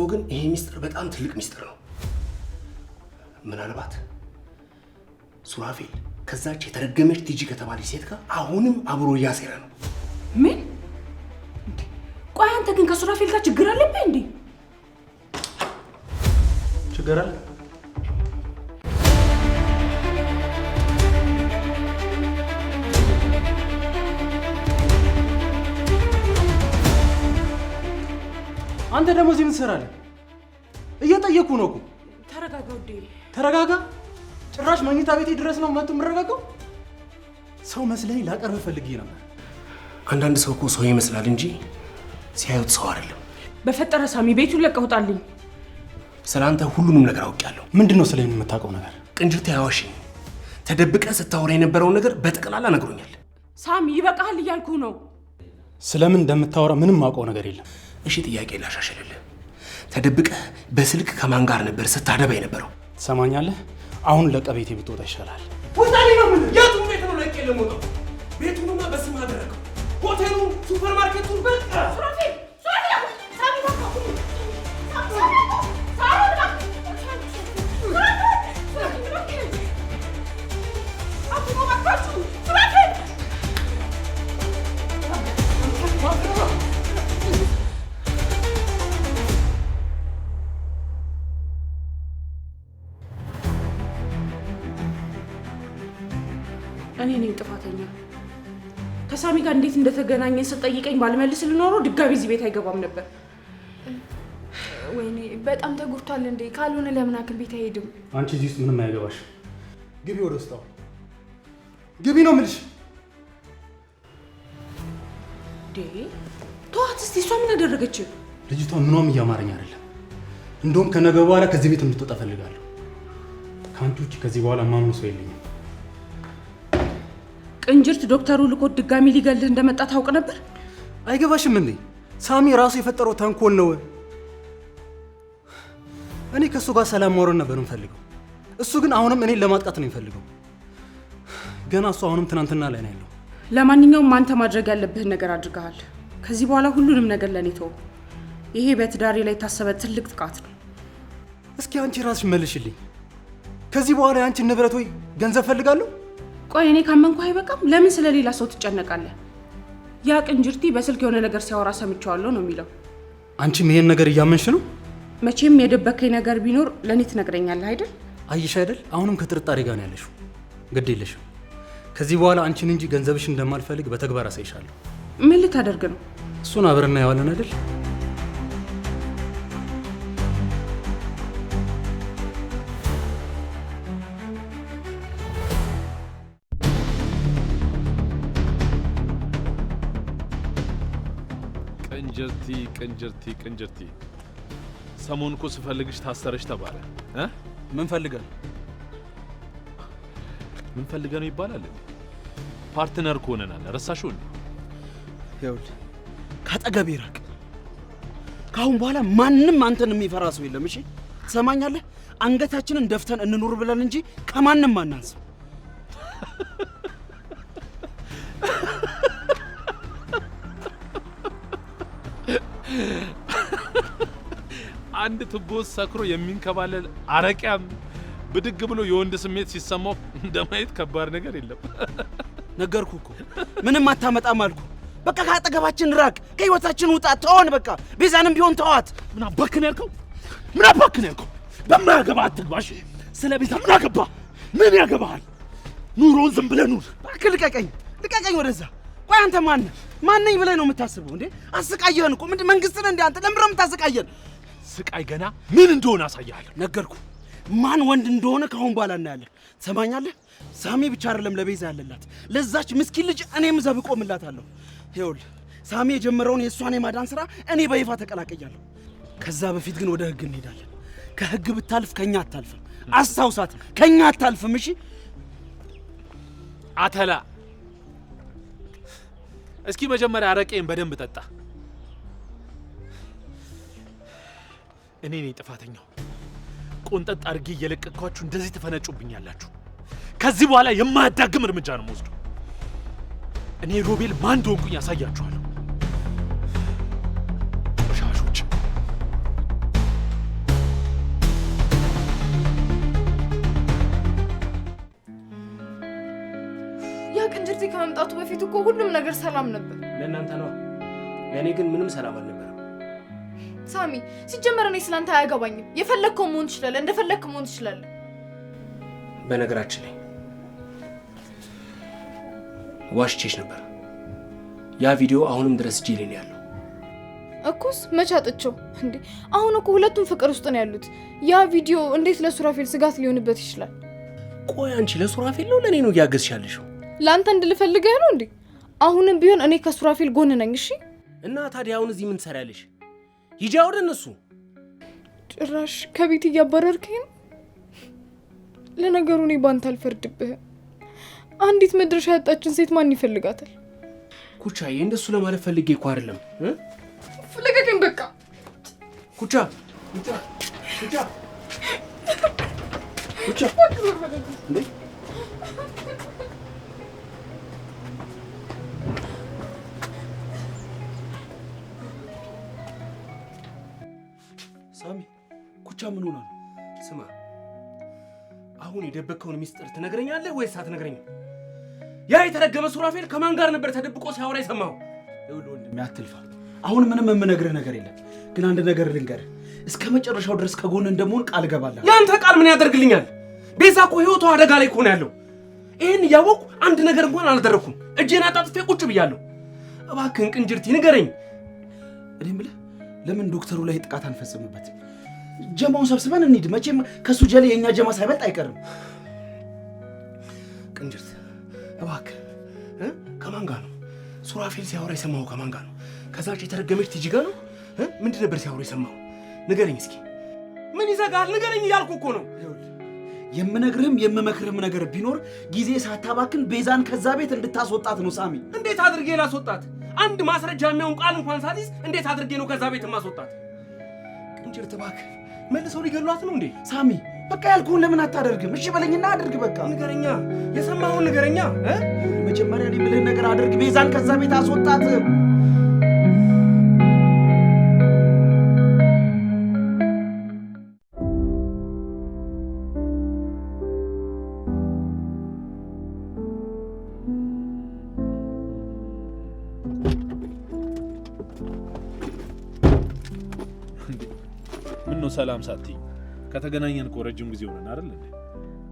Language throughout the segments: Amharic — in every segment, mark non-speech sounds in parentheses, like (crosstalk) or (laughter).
ሳስበው ግን ይሄ ሚስጥር በጣም ትልቅ ሚስጥር ነው። ምናልባት ሱራፌል ከዛች የተረገመች ቲጂ ከተባለች ሴት ጋር አሁንም አብሮ እያሴረ ነው። ምን? ቆይ አንተ ግን ከሱራፌል ጋር ችግር አለብህ እንዴ? ችግር አለ አንተ ደግሞ እዚህ ምን ትሰራለህ? እየጠየኩ ነው እኮ። ተረጋጋ ውዴ፣ ተረጋጋ። ጭራሽ መኝታ ቤቴ ድረስ ነው መጥቶ የምረጋጋው? ሰው መስለኝ ላቀርብ ፈልጌ ነበር። አንዳንድ ሰው እኮ ሰው ይመስላል እንጂ ሲያዩት ሰው አይደለም። በፈጠረ ሳሚ ቤቱን ለቀህ ውጣልኝ። ስለ አንተ ሁሉንም ነገር አውቄያለሁ። ምንድን ነው ስለ የምታውቀው ነገር? ቅንጅት ያዋሽኝ ተደብቀ ስታወራ የነበረውን ነገር በጠቅላላ ነግሮኛል። ሳሚ ይበቃሃል እያልኩ ነው። ስለምን እንደምታወራ ምንም አውቀው ነገር የለም። እሺ፣ ጥያቄ ላሻሽልልህ። ተደብቀ በስልክ ከማን ጋር ነበር ስታደባ የነበረው? ትሰማኛለህ? አሁን ለቀ ቤቴ ብትወጣ ይሻላል። ወታኔ ነው ምን ያቱ ቤት ነው ለቄ ለሞጣው ቤቱንማ በስም አደረገው። ሆቴሉ፣ ሱፐርማርኬቱን በቃ Come on. እኔ ነኝ ጥፋተኛ። ከሳሚ ጋር እንዴት እንደተገናኘ ስጠይቀኝ ባልመልስ ልኖሮ ድጋሚ እዚህ ቤት አይገባም ነበር። ወይኔ በጣም ተጎድቷል እንዴ! ካልሆነ ለምን አክል ቤት አይሄድም? አንቺ እዚህ ውስጥ ምንም አይገባሽ። ግቢ፣ ወደ ውስጥ ግቢ ነው የምልሽ። ተዋት እስኪ፣ እሷ ምን አደረገች? ልጅቷ ምኗም እያማረኝ አይደለም። እንደውም ከነገ በኋላ ከዚህ ቤት እንድትወጣ ፈልጋለሁ። ከአንቺ ውጭ ከዚህ በኋላ ማምኑ ሰው የለኝም። ቅንጅርት ዶክተሩ ልኮት ድጋሚ ሊገልህ እንደመጣ ታውቅ ነበር? አይገባሽም እንዴ? ሳሚ ራሱ የፈጠረው ተንኮል ነው። እኔ ከእሱ ጋር ሰላም ማውረድ ነበር የምፈልገው። እሱ ግን አሁንም እኔን ለማጥቃት ነው የሚፈልገው። ገና እሱ አሁንም ትናንትና ላይ ነው ያለው። ለማንኛውም አንተ ማድረግ ያለብህን ነገር አድርገሃል። ከዚህ በኋላ ሁሉንም ነገር ለእኔ ይሄ በትዳሬ ላይ የታሰበ ትልቅ ጥቃት ነው። እስኪ አንቺ ራስሽ መልሽልኝ። ከዚህ በኋላ የአንቺን ንብረት ወይ ገንዘብ ፈልጋለሁ ቆይ እኔ ካመንኩ አይበቃም? ለምን ስለሌላ ሰው ትጨነቃለህ? ያ ቅንጅርቲ በስልክ የሆነ ነገር ሲያወራ ሰምቼዋለሁ ነው የሚለው። አንቺም ይሄን ነገር እያመንሽ ነው? መቼም የደበከኝ ነገር ቢኖር ለእኔ ትነግረኛለህ አይደል? አይሽ አይደል? አሁንም ከጥርጣሬ ጋር ነው ያለሽው። ግድ የለሽም። ከዚህ በኋላ አንቺን እንጂ ገንዘብሽ እንደማልፈልግ በተግባር አሳይሻለሁ። ምን ልታደርግ ነው? እሱን አብረን እናየዋለን አይደል? ቅንጅርቲ ቅንጅርቲ፣ ሰሞኑን እኮ ስፈልግሽ ታሰረሽ ተባለ። ምን ፈልገ ነው? ምን ፈልገ ነው ይባላል። ፓርትነር ከሆነናል ረሳሽው ይኸውልህ ከአጠገቤ ራቅ። ከአሁን በኋላ ማንም አንተን የሚፈራ ሰው የለም። እሺ ትሰማኛለህ? አንገታችንን ደፍተን እንኑር ብለን እንጂ ከማንም አናንስም። አንድ ቱቦ ሰክሮ የሚንከባለል አረቂያም ብድግ ብሎ የወንድ ስሜት ሲሰማው እንደማየት ከባድ ነገር የለም። (laughs) ነገርኩ እኮ ምንም አታመጣም አልኩ። በቃ ከአጠገባችን ራቅ፣ ከህይወታችን ውጣ፣ ተሆን በቃ ቤዛንም ቢሆን ተዋት። ምን አባክን ያልከው? ምን አባክን ያልከው? በማያገባ አትግባሽ። ስለ ቤዛ ምን አገባ? ምን ያገባሃል? ኑሮን ዝም ብለህ ኑር። እባክህ ልቀቀኝ፣ ልቀቀኝ ወደዛ። ቆይ አንተ ማነህ? ማነኝ ብለህ ነው የምታስበው እንዴ? አሰቃየህን እኮ። ምንድን መንግስትን እንደ አንተ ለምንድን ነው የምታሰቃየን? ስቃይ ገና ምን እንደሆነ አሳያለሁ። ነገርኩ ማን ወንድ እንደሆነ ከአሁን በኋላ እናያለን። ሰማኛለህ? ሳሚ ብቻ አይደለም ለቤዛ ያለላት ለዛች ምስኪን ልጅ እኔም ዘብ አለሁ ይኸውልህ ሳሚ የጀመረውን የእሷን የማዳን ስራ እኔ በይፋ ተቀላቀያለሁ። ከዛ በፊት ግን ወደ ህግ እንሄዳለን። ከህግ ብታልፍ ከኛ አታልፍም። አስታውሳት፣ ከኛ አታልፍም። እሺ አተላ፣ እስኪ መጀመሪያ አረቄን በደንብ ጠጣ። እኔ ነኝ ጥፋተኛው። ቆንጠጥ አድርጌ እየለቀቅኳችሁ እንደዚህ ትፈነጩብኛላችሁ። ከዚህ በኋላ የማያዳግም እርምጃ ነው የምወስደው። እኔ ሮቤል ማን እንደሆንኩኝ ያሳያችኋል። ከመምጣቱ በፊት እኮ ሁሉም ነገር ሰላም ነበር። ለእናንተ ነው፣ ለእኔ ግን ምንም ሰላም አልነበር። ሳሚ ሲጀመር እኔ ስላንተ አያገባኝም። የፈለግከው መሆን ትችላለህ፣ እንደፈለግክ መሆን ትችላለህ። በነገራችን ላይ ዋሽቼሽ ነበር። ያ ቪዲዮ አሁንም ድረስ እጄ ላይ ያለው። እኩስ መች አጥቼው እንዴ! አሁን እኮ ሁለቱም ፍቅር ውስጥ ነው ያሉት። ያ ቪዲዮ እንዴት ለሱራፌል ስጋት ሊሆንበት ይችላል? ቆይ አንቺ ለሱራፌል ነው ለእኔ ነው እያገዝሽ ያለሽው? ለአንተ እንድልፈልገህ ነው እንዴ? አሁንም ቢሆን እኔ ከሱራፌል ጎን ነኝ። እሺ። እና ታዲያ አሁን እዚህ ምን ትሰሪያለሽ? ሂጂ ወደ እነሱ። ጭራሽ ከቤት እያባረርክኝ ነው። ለነገሩ እኔ ባንተ አልፈርድብህም። አንዲት መድረሻ ያጣችን ሴት ማን ይፈልጋታል? ይህ እንደሱ ለማለት ፈልጌ እኮ አይደለም። ፍለገኝ በቃ ኩቻ ኩቻ ኩቻ ብቻ ምን ሆናል? ስማ፣ አሁን የደበከውን ሚስጥር ትነግረኛለህ ወይስ አትነግረኝም? ያ የተረገመ ሱራፌል ከማን ጋር ነበር ተደብቆ ሲያወራ የሰማኸው? ወንድሜ አትልፋ። አሁን ምንም የምነግርህ ነገር የለም፣ ግን አንድ ነገር ልንገርህ። እስከ መጨረሻው ድረስ ከጎን እንደመሆን ቃል እገባለሁ። ያንተ ቃል ምን ያደርግልኛል? ቤዛ እኮ ህይወቱ አደጋ ላይ ከሆነ ያለው ይህን እያወቅሁ አንድ ነገር እንኳን አላደረግኩም። እጄን አጣጥፌ ቁጭ ብያለሁ። እባክህን ቅንጅርቲ ንገረኝ። እኔ የምልህ ለምን ዶክተሩ ላይ ጥቃት አንፈጽምበት? ጀማውን ሰብስበን እንሂድ። መቼም ከእሱ ጀሌ የእኛ ጀማ ሳይበልጥ አይቀርም። ቅንጅርት እባክህ፣ ከማን ጋር ነው ሱራፌል ሲያወራ የሰማው? ከማን ጋር ነው? ከዛች የተረገመች ቲጂ ጋር ነው? ምንድን ነበር ሲያወራ የሰማው? ንገረኝ እስኪ። ምን ይዘጋል? ንገረኝ እያልኩ እኮ ነው። የምነግርህም የምመክርህም ነገር ቢኖር ጊዜ ሳታባክን ቤዛን ከዛ ቤት እንድታስወጣት ነው። ሳሚ፣ እንዴት አድርጌ ላስወጣት? አንድ ማስረጃ የሚሆን ቃል እንኳን ሳትይዝ እንዴት አድርጌ ነው ከዛ ቤት ማስወጣት? ቅንጅርት እባክህ መልሰው ሊገሏት ነው እንዴ? ሳሚ በቃ ያልኩህን ለምን አታደርግም? እሺ በለኝና አድርግ። በቃ ንገረኛ፣ የሰማኸውን ንገረኛ። መጀመሪያ የምልህን ነገር አድርግ። ቤዛን ከዛ ቤት አስወጣት። ሰላም ሳትይ ከተገናኘን እኮ ረጅም ጊዜ ሆነን አይደል እንዴ?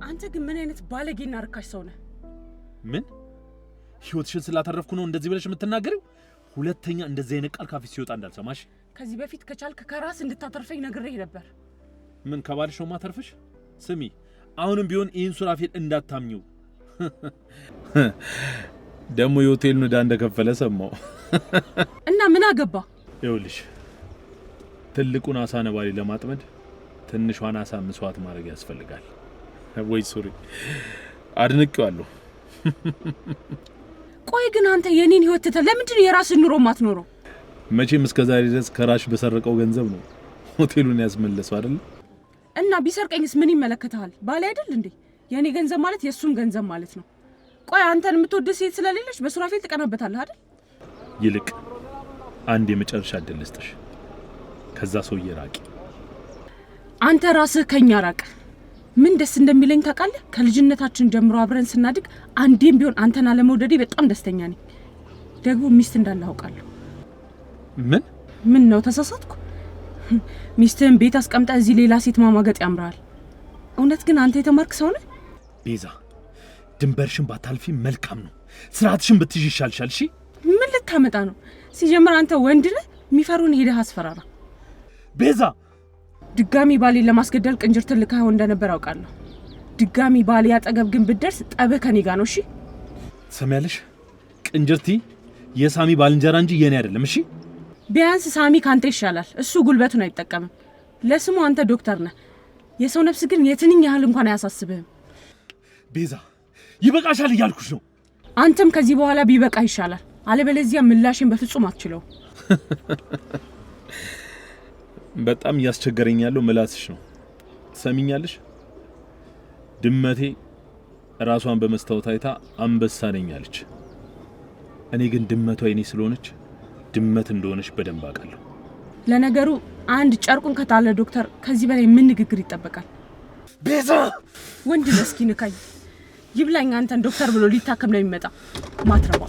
አንተ ግን ምን አይነት ባለጌና ርካሽ ሰው ነህ? ምን ህይወትሽን ስላተረፍኩ ነው እንደዚህ ብለሽ የምትናገሪው? ሁለተኛ እንደዚህ አይነት ቃል ካፊ ሲወጣ እንዳልሰማሽ። ከዚህ በፊት ከቻልክ ከራስ እንድታተርፈኝ ነግሬህ ነበር። ምን ከባልሽ ነው ማተርፍሽ? ስሚ አሁንም ቢሆን ይህን ሱራፌል እንዳታምኚው። (laughs) ደግሞ የሆቴሉን ዕዳ እንደከፈለ ሰማው (laughs) እና ምን አገባ? ይውልሽ ትልቁን አሳ ነባሪ ለማጥመድ ትንሿን አሳ ምስዋት ማድረግ ያስፈልጋል። ወይ ሱሪ አድንቄዋለሁ። (laughs) ቆይ ግን አንተ የኔን ህይወት ትተህ ለምንድን የራስን ኑሮ ማትኖረው? መቼም እስከ ዛሬ ድረስ ከራሽ በሰረቀው ገንዘብ ነው ሆቴሉን ያስመለሰው አይደል? እና ቢሰርቀኝስ ምን ይመለከተሃል? ባል አይደል እንዴ? የእኔ ገንዘብ ማለት የእሱም ገንዘብ ማለት ነው። ቆይ አንተን የምትወድ ሴት ስለሌለች በሱራፌል ትቀናበታለህ አይደል? ይልቅ አንድ የመጨረሻ እድል ልስጥሽ። ከዛ ሰውዬ ራቂ። አንተ ራስህ ከኛ ራቅ። ምን ደስ እንደሚለኝ ታውቃለህ? ከልጅነታችን ጀምሮ አብረን ስናድግ አንዴም ቢሆን አንተን አለመውደዴ በጣም ደስተኛ ነኝ። ደግሞ ሚስት እንዳለ አውቃለሁ። ምን ምን ነው ተሳሳትኩ? (laughs) ሚስትህን ቤት አስቀምጣ እዚህ ሌላ ሴት ማማገጥ ያምራል። እውነት ግን አንተ የተማርክ ሰው ነህ ቤዛ። ድንበርሽን ባታልፊ መልካም ነው። ስርዓትሽን ብትይዥ ይሻልሻል። እሺ ምን ልታመጣ ነው? ሲጀምር አንተ ወንድ ነህ። የሚፈሩን ሄደህ አስፈራራ። ቤዛ ድጋሚ ባሊ ለማስገደል ቅንጅርት ልካህ እንደነበር አውቃለሁ። ድጋሚ ባሌ አጠገብ ግን ብደርስ ጠብህ ከኔ ጋ ነው። እሺ ትሰሚያለሽ? ቅንጅርቲ የሳሚ ባልንጀራ እንጂ የኔ አይደለም። እሺ ቢያንስ ሳሚ ካንተ ይሻላል። እሱ ጉልበቱን አይጠቀምም። ለስሙ አንተ ዶክተር ነህ። የሰው ነፍስ ግን የትንኝ ያህል እንኳን አያሳስብህም። ቤዛ ይበቃሻል እያልኩሽ ነው። አንተም ከዚህ በኋላ ቢበቃ ይሻላል። አለበለዚያ ምላሽን በፍጹም አትችለው። (laughs) በጣም እያስቸገረኝ ያለው ምላስሽ ነው። ሰሚኛለሽ? ድመቴ ራሷን በመስታወት አይታ አንበሳ ነኝ አለች። እኔ ግን ድመቷ የኔ ስለሆነች ድመት እንደሆነች በደንብ አውቃለሁ። ለነገሩ አንድ ጨርቁን ከታለ ዶክተር፣ ከዚህ በላይ ምን ንግግር ይጠበቃል? ቤዛ ወንድ መስኪን ካይ ይብላኝ አንተን ዶክተር ብሎ ሊታከም ለሚመጣ የሚመጣ ማትረባ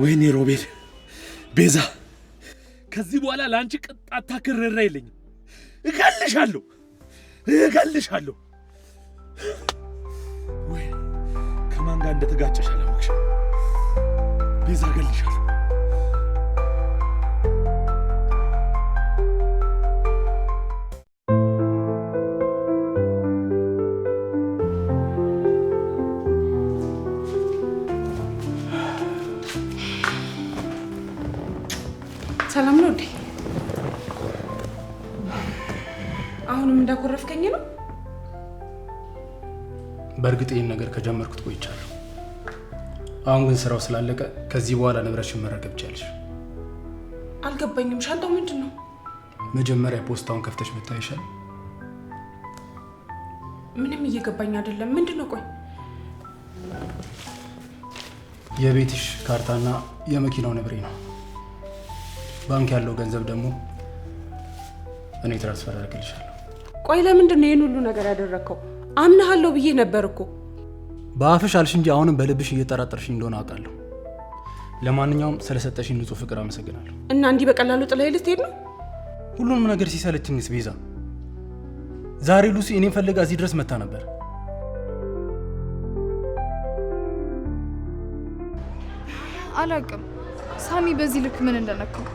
ወይኔ ሮቤል፣ ቤዛ፣ ከዚህ በኋላ ለአንቺ ቅጣታ ክርራ የለኝም። እገልሻለሁ፣ እገልሻለሁ። ወይ ከማን ጋር እንደተጋጨሽ አላወቅሽም። ቤዛ፣ እገልሻለሁ። ይህን ነገር ከጀመርኩት ቆይቻለሁ። አሁን ግን ስራው ስላለቀ ከዚህ በኋላ ንብረትሽን መረከብ ትችያለሽ። አልገባኝም። ሻንጣው ምንድን ነው? መጀመሪያ ፖስታውን ከፍተሽ ብታይሻል። ምንም እየገባኝ አይደለም። ምንድን ነው? ቆይ የቤትሽ ካርታና የመኪናው ንብሬ ነው። ባንክ ያለው ገንዘብ ደግሞ እኔ ትራንስፈር አደርግልሻለሁ። ቆይ ለምንድን ነው ይህን ሁሉ ነገር ያደረግከው? አምናሃለሁ ብዬ ነበር እኮ በአፍሽ አልሽ እንጂ አሁንም በልብሽ እየጠራጠርሽ እንደሆነ አውቃለሁ። ለማንኛውም ስለሰጠሽኝ ንጹህ ፍቅር አመሰግናለሁ። እና እንዲህ በቀላሉ ጥላ ልትሄድ ነው? ሁሉንም ነገር ሲሰለችኝስ ቤዛ። ዛሬ ሉሲ እኔን ፈልጋ እዚህ ድረስ መታ ነበር። አላቅም ሳሚ በዚህ ልክ ምን እንደነካው።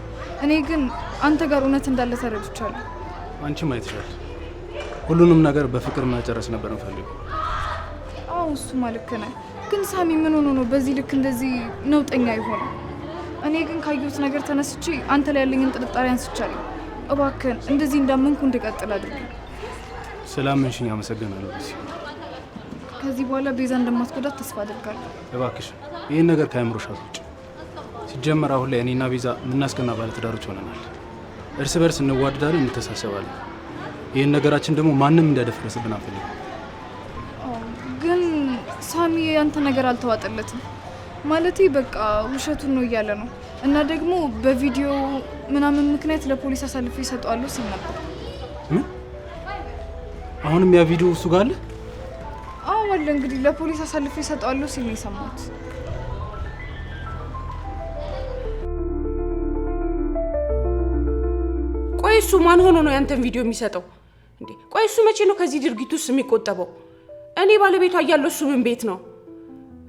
እኔ ግን አንተ ጋር እውነት እንዳለ ተረድቻለሁ። አንቺም አይተሻል። ሁሉንም ነገር በፍቅር መጨረስ ነበር እንፈልገው አዎ እሱማ ልክ ነህ። ግን ሳሚ ምን ሆኖ ነው በዚህ ልክ እንደዚህ ነውጠኛ የሆነው? እኔ ግን ካየሁት ነገር ተነስቼ አንተ ላይ ያለኝን ጥርጣሬ አንስቻለሁ። እባክህን እንደዚህ እንዳመንኩ እንድቀጥል አድርግ። ስላመንሽኝ አመሰግናለሁ። ከዚህ በኋላ ቤዛ እንደማትጎዳት ተስፋ አድርጋለሁ። እባክሽ ይህን ነገር ከአእምሮሽ አስወጪ። ሲጀመር አሁን ላይ እኔና ቤዛ የምናስቀና ባለትዳሮች ሆነናል። እርስ በርስ እንዋደዳለን፣ እንተሳሰባለን። ይህን ነገራችን ደግሞ ማንም እንዳይደፍረስብን አንፈልግም። ሳሚ ያንተ ነገር አልተዋጠለትም። ማለቴ በቃ ውሸቱን ነው እያለ ነው። እና ደግሞ በቪዲዮ ምናምን ምክንያት ለፖሊስ አሳልፌ ይሰጠዋለሁ ሲል ነበር። አሁንም ያ ቪዲዮ እሱ ጋር አለ? አዎ አለ። እንግዲህ ለፖሊስ አሳልፌ ይሰጠዋለሁ ሲል ነው የሰማሁት። ቆይ እሱ ማን ሆኖ ነው ያንተን ቪዲዮ የሚሰጠው? ቆይ እሱ መቼ ነው ከዚህ ድርጊት ውስጥ የሚቆጠበው? እኔ ባለቤቷ እያለሁ እሱ ምን ቤት ነው?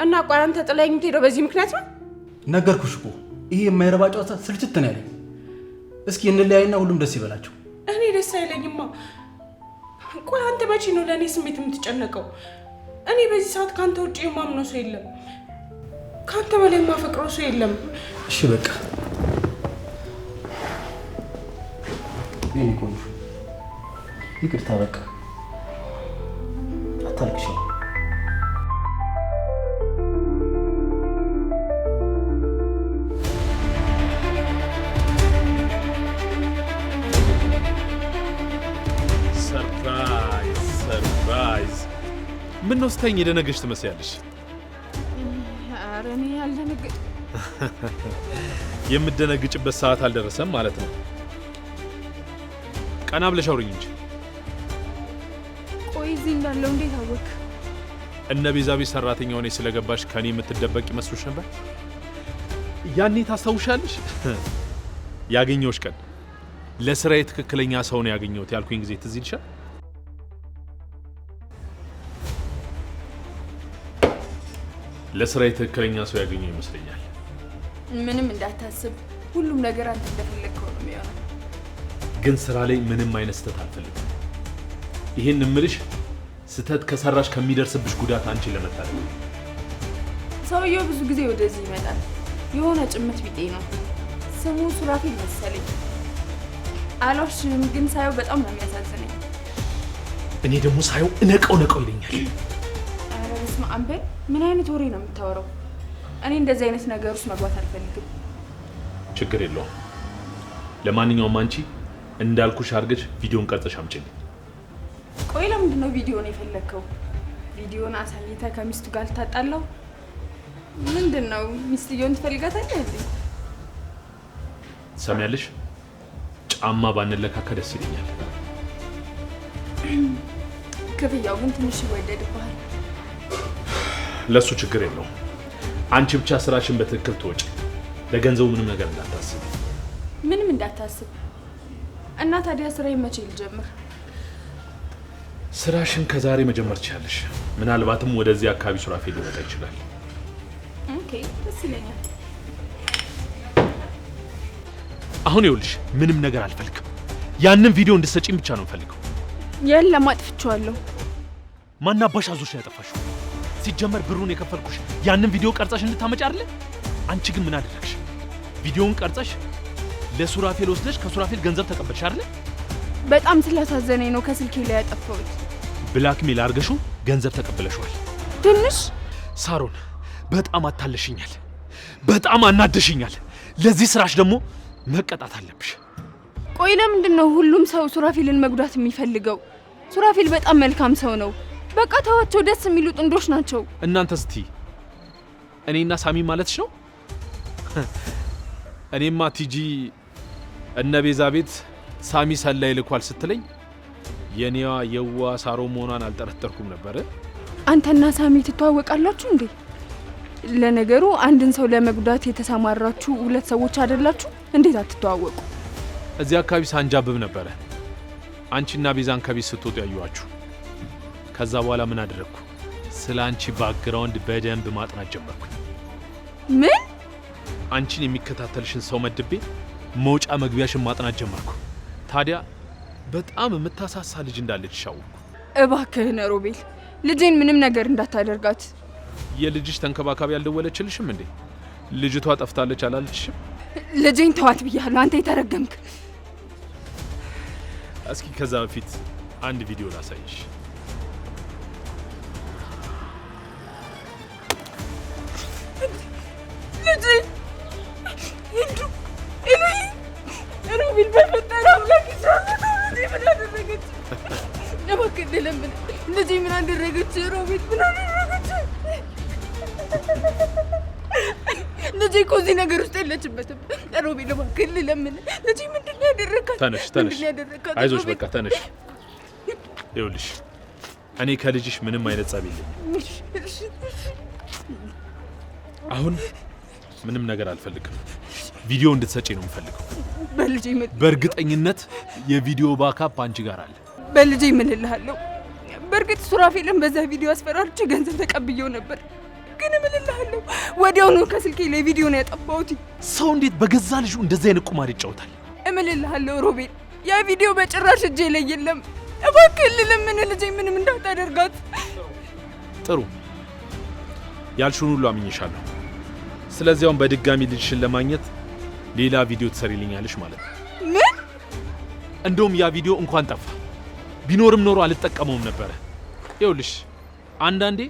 እና ቆይ አንተ ጥለኸኝ የምትሄደው በዚህ ምክንያት ነው? ነገርኩሽ እኮ ይሄ የማይረባ ጨዋታ ስልችት ነው ያለኝ። እስኪ እንለያይና ሁሉም ደስ ይበላቸው። እኔ ደስ አይለኝማ። ቆይ አንተ መቼ ነው ለእኔ ስሜት የምትጨነቀው? እኔ በዚህ ሰዓት ከአንተ ውጭ የማምነው ሰው የለም፣ ከአንተ በላይ የማፈቅረው ሰው የለም። እሺ በቃ ይቅርታ በቃ ታሪክሽ ነው። ሰርፕራይዝ ሰርፕራይዝ! ምነው ስተኝ የደነገሽ ትመስያለሽ? ኧረ እኔ ያልደነገጥ የምደነግጭበት ሰዓት አልደረሰም ማለት ነው። ቀና ብለሽ አውሪኝ እንጂ እዚህ እንዳለው እንዴት አወቅ? እነ ቤዛ ቤት ሰራተኛ ሆኔ ስለገባሽ ከኔ የምትደበቅ ይመስሎች ነበር? ያኔ ታስታውሻለሽ? (laughs) ያገኘሁሽ ቀን ለስራዬ ትክክለኛ ሰው ነው ያገኘሁት ያልኩኝ ጊዜ ትዝ ይልሻል? ለስራዬ ትክክለኛ ሰው ያገኘው ይመስለኛል። ምንም እንዳታስብ፣ ሁሉም ነገር አንተ እንደፈለግከው ነው የሚሆነው። ግን ስራ ላይ ምንም አይነት ስህተት አልፈልግም። ይህን እምልሽ ስህተት ከሰራሽ ከሚደርስብሽ ጉዳት አንቺ ለመታደግ። ሰውየው ብዙ ጊዜ ወደዚህ ይመጣል። የሆነ ጭምት ቢጤ ነው። ስሙ ሱራፌል መሰለኝ። አልዋሽም፣ ግን ሳየው በጣም ነው የሚያሳዝነኝ። እኔ ደግሞ ሳየው እነቀው ነቀው ይለኛል። ኧረ በስመ አብ ምን አይነት ወሬ ነው የምታወራው? እኔ እንደዚህ አይነት ነገር ውስጥ መግባት አልፈልግም። ችግር የለውም። ለማንኛውም አንቺ እንዳልኩሽ አድርገሽ ቪዲዮን ቀርጸሽ አምጪልኝ። ቆይ ለምንድን ነው ቪዲዮን የፈለግከው? ቪዲዮን አሳይተህ ከሚስቱ ጋር ልታጣለው? ምንድን ነው ሚስትየውን ትፈልጋታለህ? ሰሚያለሽ፣ ጫማ ባንለካካ ደስ ይለኛል። ክፍያው ግን ትንሽ ይወደድብሃል። ለእሱ ችግር የለውም። አንቺ ብቻ ስራሽን በትክክል ትወጪ። ለገንዘቡ ምንም ነገር እንዳታስብ፣ ምንም እንዳታስብ እና ታዲያ ስራዬን መቼ ልጀምር? ስራሽን ከዛሬ መጀመር ትችላለሽ። ምናልባትም ወደዚህ አካባቢ ሱራፌል ሊመጣ ይችላል። ደስ ይለኛል። አሁን ይኸውልሽ፣ ምንም ነገር አልፈልግም። ያንን ቪዲዮ እንድትሰጪኝ ብቻ ነው የምፈልገው። የለም አጥፍቼዋለሁ። ማን አባሽ አዞሽ ነው ያጠፋሽው? ሲጀመር ብሩን የከፈልኩሽ ያንን ቪዲዮ ቀርጸሽ እንድታመጪ አይደለ? አንቺ ግን ምን አደረግሽ? ቪዲዮውን ቀርጸሽ ለሱራፌል ወስደሽ ከሱራፌል ገንዘብ ተቀበልሽ አይደለ? በጣም ስላሳዘነኝ ነው ከስልኬ ላይ ያጠፋሁት። ብላክሜል አርገሹ ገንዘብ ተቀብለሸዋል። ትንሽ ሳሮን፣ በጣም አታለሽኛል፣ በጣም አናደሽኛል። ለዚህ ስራሽ ደግሞ መቀጣት አለብሽ። ቆይ ለምንድን ነው ሁሉም ሰው ሱራፊልን መጉዳት የሚፈልገው? ሱራፊል በጣም መልካም ሰው ነው። በቃ ተዋቸው፣ ደስ የሚሉ ጥንዶች ናቸው። እናንተ እስቲ እኔና ሳሚ ማለትሽ ነው? እኔማ ቲጂ እነ ቤዛ ቤት ሳሚ ሰላይ ልኳል ስትለኝ የኔዋ የዋ ሳሮ መሆኗን አልጠረጠርኩም ነበር። አንተና ሳሚ ትተዋወቃላችሁ እንዴ? ለነገሩ አንድን ሰው ለመጉዳት የተሰማራችሁ ሁለት ሰዎች አይደላችሁ? እንዴት አትተዋወቁ? እዚህ አካባቢ ሳንጃብብ ነበረ አንቺና ቤዛን ከቤት ስትወጡ ያዩዋችሁ። ከዛ በኋላ ምን አደረግኩ? ስለ አንቺ ባክግራውንድ በደንብ ማጥናት ጀመርኩ። ምን? አንቺን የሚከታተልሽን ሰው መድቤ መውጫ መግቢያሽን ማጥናት ጀመርኩ። ታዲያ በጣም የምታሳሳ ልጅ እንዳለች ሻወቅኩ። እባክህን ሮቤል፣ ልጄን ምንም ነገር እንዳታደርጋት። የልጅሽ ተንከባካቢ አልደወለችልሽም እንዴ? ልጅቷ ጠፍታለች አላለችሽም? ልጄን ተዋት ብያለሁ። አንተ የተረገምክ። እስኪ ከዛ በፊት አንድ ቪዲዮ ላሳይሽ። እዚህ ነገር ውስጥ የለችበትም። ሮቤል እባክህ ልለምን ልጅ ምንድን ነው ያደረካት? ተነሽ ተነሽ፣ አይዞሽ በቃ ተነሽ። ይኸውልሽ እኔ ከልጅሽ ምንም አይነት ጸብ የለኝም። አሁን ምንም ነገር አልፈልግም። ቪዲዮ እንድትሰጪ ነው የምፈልገው። በልጅ ምን በእርግጠኝነት የቪዲዮ ባካፕ አንቺ ጋር አለ። በልጅ ምን እልሃለሁ። በእርግጥ ሱራፌልን በዛ ቪዲዮ አስፈራርቼ ገንዘብ ተቀብየው ነበር ግን እምልልሃለሁ ወዲያውኑ ከስልኬ ላይ ቪዲዮ ነው ያጠፋሁት። ሰው እንዴት በገዛ ልጁ እንደዚህ አይነት ቁማር ይጫወታል? እምልልሃለሁ ሮቤል፣ ያ ቪዲዮ በጭራሽ እጄ ላይ የለም። እባክህን ልለምን ልጄ ምንም እንዳታደርጋት። ጥሩ ያልሽውን ሁሉ አምኝሻለሁ። ስለዚያውም በድጋሚ ልጅሽን ለማግኘት ሌላ ቪዲዮ ትሰሪልኛለሽ ማለት ነው። ምን? እንደውም ያ ቪዲዮ እንኳን ጠፋ ቢኖርም ኖሮ አልጠቀመውም ነበረ። ይኸውልሽ አንዳንዴ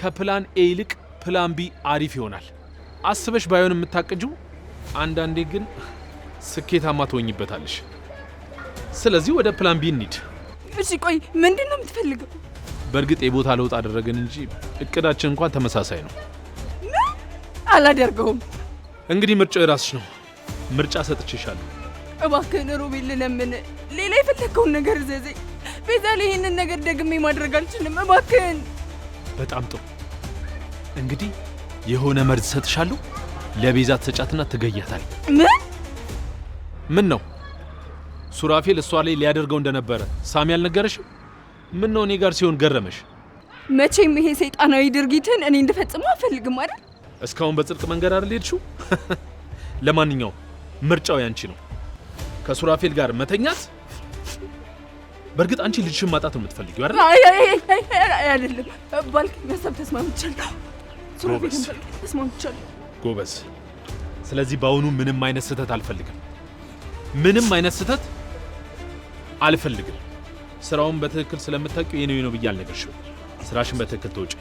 ከፕላን ኤ ይልቅ ፕላን ቢ አሪፍ ይሆናል። አስበሽ ባይሆን የምታቅጂው፣ አንዳንዴ ግን ስኬታማ ትሆኝበታለሽ። ስለዚህ ወደ ፕላን ቢ እንሂድ። እሺ፣ ቆይ ምንድን ነው የምትፈልገው? በእርግጥ የቦታ ለውጥ አደረግን እንጂ እቅዳችን እንኳን ተመሳሳይ ነው። አላደርገውም። እንግዲህ ምርጫው የራስሽ ነው። ምርጫ ሰጥቼሻለሁ። እባክህን ሮቤል ልለምን፣ ሌላ የፈለግከውን ነገር ዘዜ ቤዛ ላይ ይህንን ነገር ደግሜ ማድረግ አልችልም። እባክህን። በጣም ጥሩ እንግዲህ የሆነ መርዝ ሰጥሻለሁ። ለቤዛ ትሰጫትና ትገያታል። ምን ምን ነው ሱራፌል እሷ ላይ ሊያደርገው እንደነበረ ሳሚ አልነገረሽም? ምን ነው እኔ ጋር ሲሆን ገረመሽ? መቼም ይሄ ሰይጣናዊ ድርጊትን እኔ እንድፈጽመው አልፈልግም አይደል? እስካሁን በጽድቅ መንገድ አይደል ሄድሽው? (laughs) ለማንኛውም ምርጫው ያንቺ ነው፣ ከሱራፌል ጋር መተኛት። በእርግጥ አንቺ ልጅሽን ማጣት ነው የምትፈልጊው አይደል? አይደለም ባልክ ሀሳብ ተስማምቻለሁ። ጎበዝ ጎበዝ። ስለዚህ በአሁኑ ምንም አይነት ስህተት አልፈልግም። ምንም አይነት ስህተት አልፈልግም። ስራውን በትክክል ስለምታውቂው የኔ ነው ብዬ አልነገርሽም። ስራሽን በትክክል ተውጪ።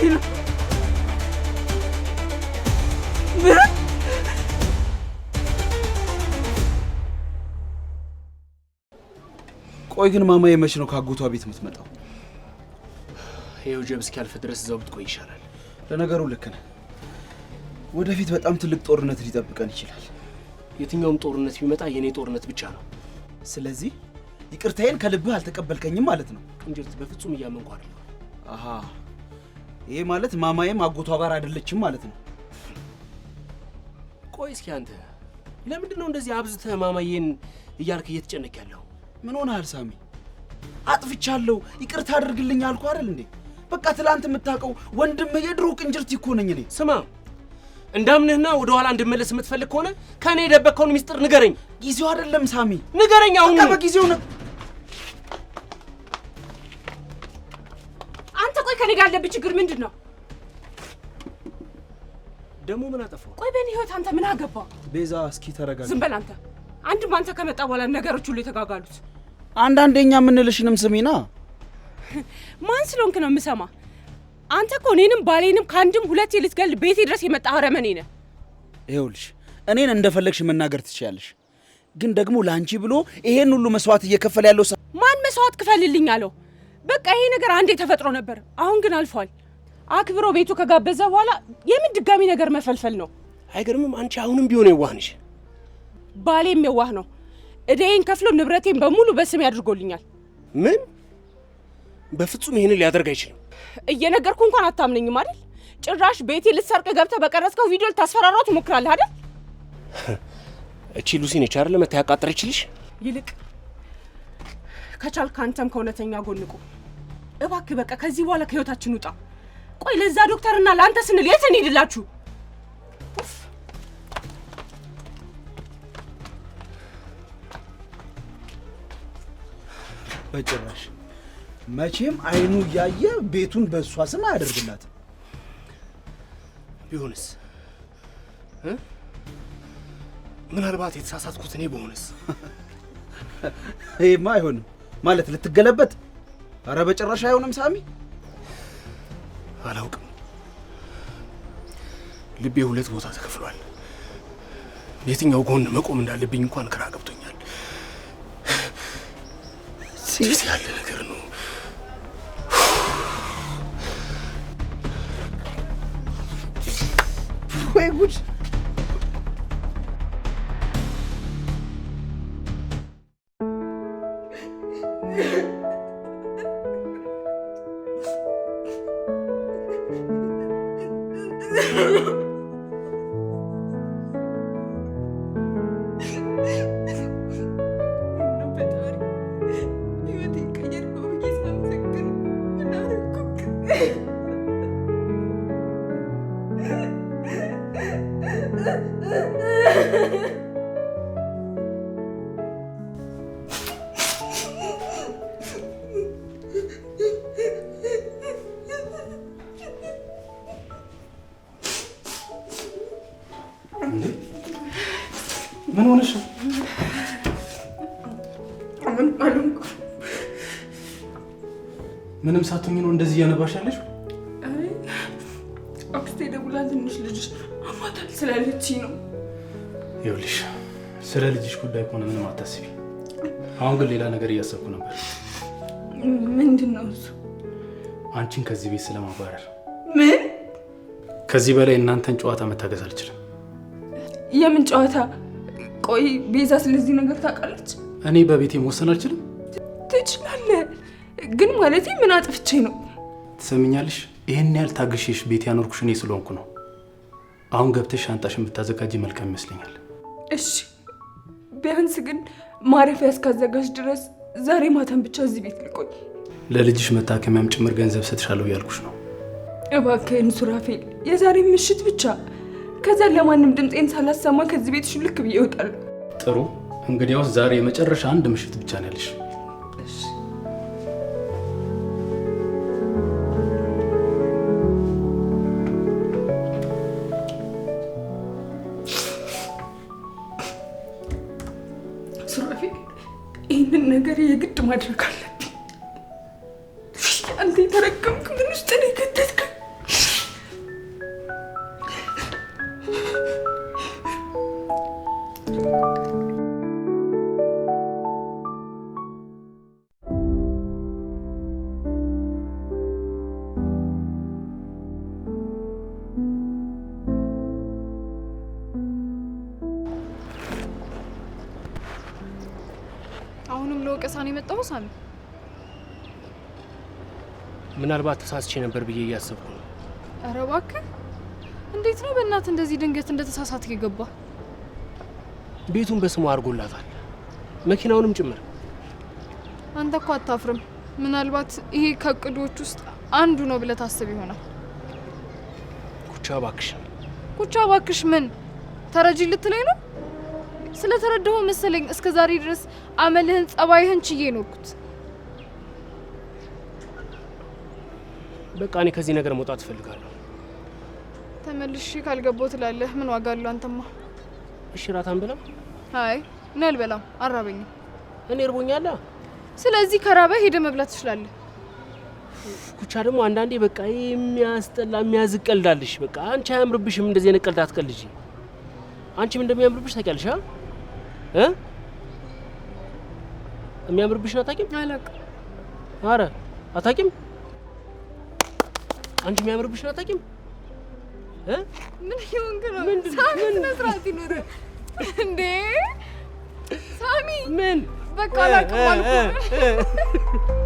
kilo. Bırak. ቆይ ግን ማማዬ መች ነው ካጎቷ ቤት የምትመጣው? ይኸው ጀብ እስኪያልፍ ድረስ እዛው ብትቆይ ይሻላል። ለነገሩ ልክ ነህ። ወደፊት በጣም ትልቅ ጦርነት ሊጠብቀን ይችላል። የትኛውም ጦርነት ቢመጣ የእኔ ጦርነት ብቻ ነው። ስለዚህ ይቅርታዬን ከልብህ አልተቀበልከኝም ማለት ነው? እንዴት? በፍጹም እያመንኩ አይደለም። አሃ ይሄ ማለት ማማዬም አጎቷ ጋር አይደለችም ማለት ነው። ቆይ እስኪ አንተ ለምንድን ነው እንደዚህ አብዝተህ ማማዬን እያልክ እየተጨነቅ ያለው? ምን ሆነሃል ሳሚ? አጥፍቻለሁ ይቅርታ አድርግልኝ አልኩ አይደል እንዴ? በቃ ትላንት የምታውቀው ወንድም የድሮ ቅንጅርት እኮ ነኝ እኔ። ስማ እንዳምንህና ወደ ኋላ እንድመለስ የምትፈልግ ከሆነ ከእኔ የደበቅከውን ሚስጥር ንገረኝ። ጊዜው አይደለም ሳሚ፣ ንገረኝ አሁን። በጊዜው ነው ከኔ ጋር ያለብህ ችግር ምንድን ነው? ደግሞ ምን አጠፋው? ቆይ በእኔ ህይወት አንተ ምን አገባ? ቤዛ እስኪ ተረጋጋ። ዝም በል አንተ። አንድም አንተ ከመጣ በኋላ ነገሮች ሁሉ የተጋጋሉት። አንዳንደኛ የምንልሽንም ስሚና። ማን ስለሆንክ ነው የምሰማ? አንተ እኮ እኔንም ባሌንም ከአንድም ሁለት ልትገል ቤቴ ድረስ የመጣ አረመኔ ነህ። ይኸውልሽ እኔን እንደፈለግሽ መናገር ትችያለሽ፣ ግን ደግሞ ለአንቺ ብሎ ይሄን ሁሉ መስዋዕት እየከፈለ ያለው ማን መስዋዕት ክፈልልኝ አለው? በቃ ይሄ ነገር አንዴ ተፈጥሮ ነበር፣ አሁን ግን አልፏል። አክብሮ ቤቱ ከጋበዘ በኋላ የምን ድጋሚ ነገር መፈልፈል ነው? አይገርምም? አንቺ አሁንም ቢሆን የዋህ ነሽ። ባሌም የዋህ ነው። እዳዬን ከፍሎ ንብረቴን በሙሉ በስም ያድርጎልኛል። ምን? በፍጹም ይሄንን ሊያደርግ አይችልም። እየነገርኩ እንኳን አታምነኝም አይደል? ጭራሽ ቤቴ ልትሰርቅ ገብተህ በቀረጽከው ቪዲዮ ልታስፈራራው ትሞክራለህ አይደል? (laughs) እቺ ሉሲ ነች አይደል? መታ ይልቅ ከቻልክ አንተም ከእውነተኛ ጎን ቁም። እባክ በቃ ከዚህ በኋላ ከህይወታችን ውጣ። ቆይ ለዛ ዶክተርና ለአንተ ስንል የት እንሂድላችሁ? በጭራሽ መቼም አይኑ እያየ ቤቱን በእሷ ስም አያደርግላት። ቢሆንስ ምናልባት የተሳሳትኩት እኔ በሆንስ? ይሄማ አይሆንም ማለት ልትገለበት አረ በጭራሽ አይሆንም ሳሚ። አላውቅም፣ ልቤ ሁለት ቦታ ተከፍሏል። የትኛው ጎን መቆም እንዳለብኝ እንኳን ግራ ገብቶኛል። ሴት ያለ ነገር ነው። ወይ ጉድ! ምን ሆነሽ ነው? ምንም ሳትሆኝ ነው እንደዚህ እያነባሽ አክስቴ ደውላ ትንሽ ልጅሽ አሟታል ስላለች ነው። ይኸውልሽ ስለ ልጅሽ ጉዳይ ከሆነ ምንም አታስቢ። አሁን ግን ሌላ ነገር እያሰብኩ ነበር። ምንድን ነው እሱ? አንቺን ከዚህ ቤት ስለማባረር። ምን? ከዚህ በላይ እናንተን ጨዋታ መታገስ አልችልም። የምን ጨዋታ? ቆይ ቤዛ ስለዚህ ነገር ታውቃለች? እኔ በቤቴ መወሰን አልችልም። ትችላለህ፣ ግን ማለት ምን አጥፍቼ ነው? ትሰምኛለሽ? ይህን ያህል ታግሼሽ ቤት ያኖርኩሽ እኔ ስለሆንኩ ነው። አሁን ገብተሽ ሻንጣሽን ብታዘጋጅ መልካም ይመስለኛል። እሺ፣ ቢያንስ ግን ማረፊያ እስካዘጋጅ ድረስ ዛሬ ማታን ብቻ እዚህ ቤት ልቆይ። ለልጅሽ መታከሚያም ጭምር ገንዘብ ሰጥሻለሁ እያልኩሽ ነው። እባክህን ሱራፌል፣ የዛሬ ምሽት ብቻ ከዛ ለማንም ድምፄን ሳላሰማ ከዚህ ቤት ሽልክ ብዬ እወጣለሁ። ጥሩ እንግዲያውስ ዛሬ የመጨረሻ አንድ ምሽት ብቻ ነው ያለሽ። ሱራፌ ይህንን ነገር የግድ ማድረግ አሁንም ለወቀሳን የመጣው ሳሚ? ምናልባት ተሳስቼ ነበር ብዬ እያሰብኩ ነው። እረ እባክህ እንዴት ነው በእናት እንደዚህ ድንገት እንደ ተሳሳት የገባ? ቤቱን በስሙ አድርጎላታል፣ መኪናውንም ጭምር። አንተ እኮ አታፍርም። ምናልባት ይሄ ከእቅዶች ውስጥ አንዱ ነው ብለህ ታስብ ይሆናል። ኩቻ እባክሽ፣ ኩቻ እባክሽ። ምን ተረጂ ልትለኝ ነው? ስለተረዳሁ መሰለኝ እስከ ዛሬ ድረስ አመልህን ጸባይህን ችዬ ኖርኩት። በቃ እኔ ከዚህ ነገር መውጣት እፈልጋለሁ። ተመልሼ ካልገባሁ ትላለህ። ምን ዋጋ አለው? አንተማ እሺ፣ ራት አንበላም? አይ እኔ አልበላም፣ አራበኝም። እኔ እርቦኛል። ስለዚህ ከራበህ ሄደህ መብላት ትችላለህ። ኩቻ ደግሞ አንዳንዴ በቃ የሚያስጠላ የሚያዝቅ ቀልዳለሽ። በቃ አንቺ አያምርብሽም እንደዚህ አይነት ቀልድ አትቀልጂ። አንቺም እንደሚያምርብሽ ታውቂያለሽ እ የሚያምርብሽን አታውቂም? አላውቅም። አረ አታውቂም? አንቺ የሚያምርብሽን አታውቂም? ምን ይሆን ግን ምን ስራት ይኖር እንዴ? ሳሚ ምን በቃ አላውቅም አልኩ።